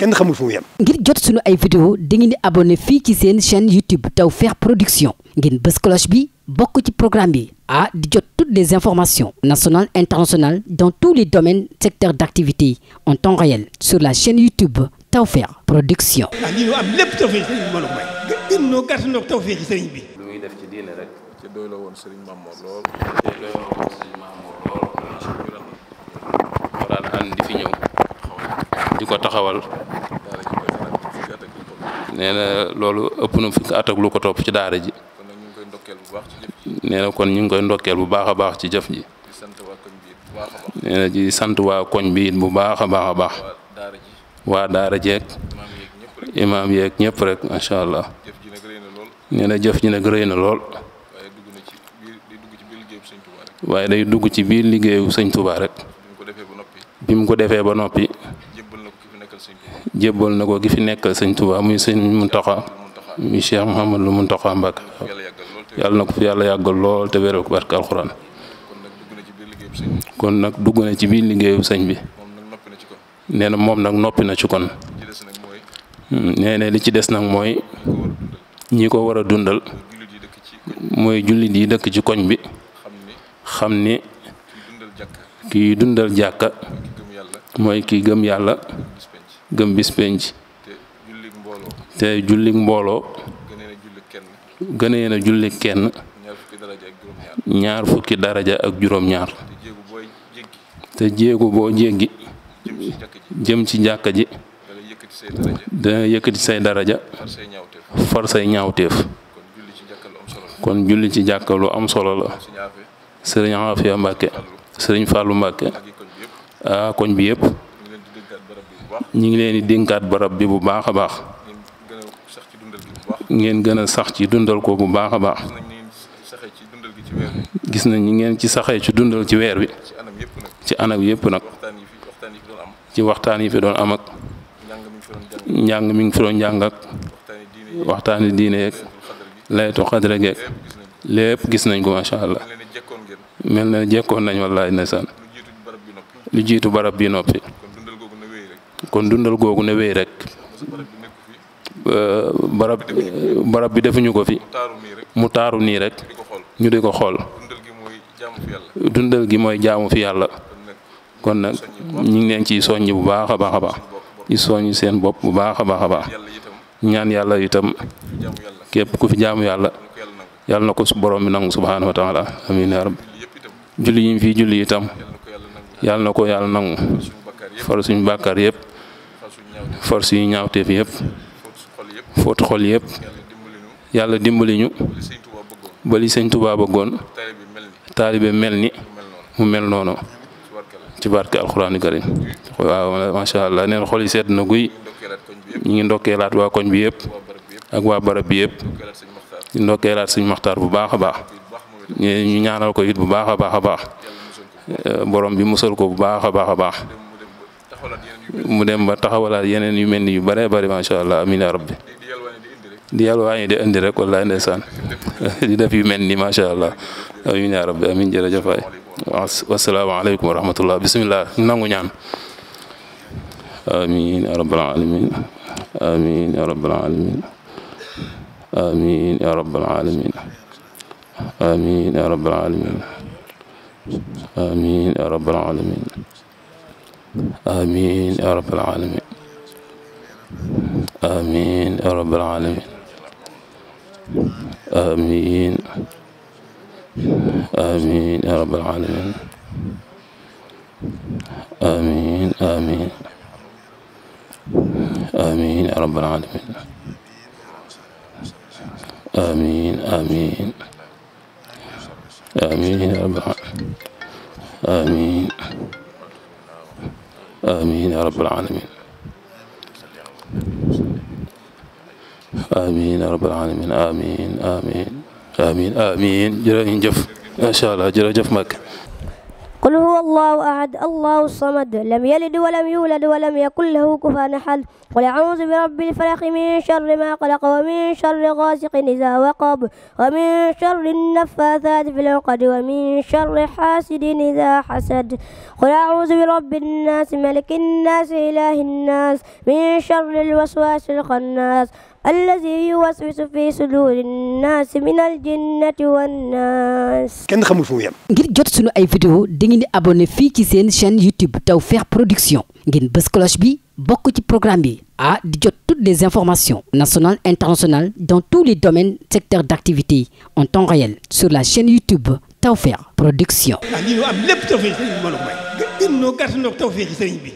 kenn xamul fu mu ngir jot sunu ay vidéo dangeen di abonné fii ci seen chaîne YouTube Tawfekh Production ngeen bës bi bokk ci programme bi ah di jot toutes les informations national internationales dans tous les domaines secteurs d'activité en temps réel sur la chaîne YouTube Tawfekh Production. ah lii am lépp tawfeex ci sëriñ bi may. muy def ci diine rek. ci doy la woon sëriñ Mamour lool. ci doy di fi ñëw. di ko taxawal. nee na loolu ëpp na fukk at ak lu ko topp ci daara ji. nee na kon ñu ngi koy ndokkeel bu baax a baax ci jëf ji. nee na di sant waa koñ biin bu baax a baax a baax. waa daara jeeg maam yeeg ñëpp rek macha allah. nee na jëf ji nag rëy na lool. waaye day dugg ci biir liggéeyu sëñ Touba rek. bi mu ko defee ba noppi. jébbal na ko ki fi nekkal sëñ Touba muy mu Mountakha muy Cheikh Mouhamadou Mountakha Mbacké yàlla na ko fi yàlla yàggal lool te wéral ko barke alxuraan kon nag dugg na ci biir liggéeyu sëñ bi nee na moom nag noppi na ci kon nee na li ci des nag mooy ñi ko war a dundal mooy jullit yi dëkk ci koñ bi xam ni kiy dundal jàkka mooy kiy gëm yàlla gëm bis penc te jullik mbooloo gënee na jullik kenn ñaar fukki daraja ak juróom-ñaar te jéego boo jéggi jëm ci jàkka ji dana yëkkati say daraja far say ñaawteef kon julli ci jàkka lu am solo la sëriñ Afia Mbàkke sëriñ Fàllu Mbàkke koñ bi yépp ah, ñu ngi leen di dénkaat barab bi bu baax a baax. ngeen gën a sax ci dundal ko bu baax a baax. gis nañ ñi ngeen ci saxee ci dundal ci weer wi ci anam yëpp nag. ci waxtaan yi fi doon amak ak. njàng mi ngi fi doon njàng ak. waxtaani diine yeeg. laytu xadra geeg. lépp gis nañ ko macha allah. mel na jekkoon nañ wallaay ndeysaan. lu jiitu barab bi noppi. kon dundal googu ne wéy rek euh, barab barab bi defuñu ko fi mu taaru nii rek ñu di ko xool dundal gi mooy jaamu fi yàlla kon nag ñu ngi leen ciy soññ bu baax a baax a baax seen bopp bu baax a baax baax ñaan yàlla itam képp ku fi jaamu yàlla yàlla na ko su borom bi nangu subhaanahu wa taala amiin ya julli yi ñu fi julli itam yàlla na ko yàlla nangu far suñu bàkkaar yëpp for suñu ñaawteef yëpp fóot xol yëpp yàlla dimbali ñu ba li sëñ Tuubaa bëggoon taalibe mel ni mu mel noonu ci barke alxuraanu karim waaw macha allah neen xol yi sedd na guy ñu ngi ndokkeelaat waa koñ bi yëpp ak waa barab bi yëpp ndokkeelaat suñu maxtaar bu baax a baax ñu ñaanal ko it bu baax a baax a baax borom bi musal ko bu baax a baax a baax. mu dem ba taxawalaat yeneen yu mel ni yu bëree bëri macha allah amiin yaa rabbi di yàlwaani di indi rek wallaahi ndeysaan di def yu mel ni macha allah amiin yaa rabbi amiin jërëjëf waay wasalaamaaleykum wa rahmatullah bisimilah nangu ñaan amiin yaa rabbal aalamiin amiin yaa rabbal aalamiin amiin yaa rabbal aalamiin amiin yaa rabbal aalamiin amiin yaa rabbal aalamiin amiin amiin yaa rabbal aalamiin amiin amiin amiin yaa rabbal aalamiin amiin amiin amiin yaa rabbal aalamiin amiin amiin yaa rabbal aalamiin amiin yaa rabbal aalamiin amiin amiin amiin jërë ngeen jëf macha allah jërëjëf Mbacke قل هو الله أحد الله الصمد لم يلد ولم يولد ولم يكن له كفوا أحد قل أعوذ برب الفلق من شر ما خلق ومن شر غاسق إذا وقب ومن شر النفاثات في العقد ومن شر حاسد إذا حسد قل أعوذ برب الناس ملك الناس إله الناس من شر الوسواس الخناس الذي يوسوس في صدور الناس من الجنة والناس. kenn xamul fu mu yem. ngir jot sunu ay vidéo ngeen di abonné fii ci seen chaîne YouTube Tawfekh Production ngeen bës cloche bi bokk ci programme bi di jot toutes les informations nationales internationales dans tous les domaines secteurs d'activité en temps réel sur la chaîne YouTube Tawfekh Production. Ah,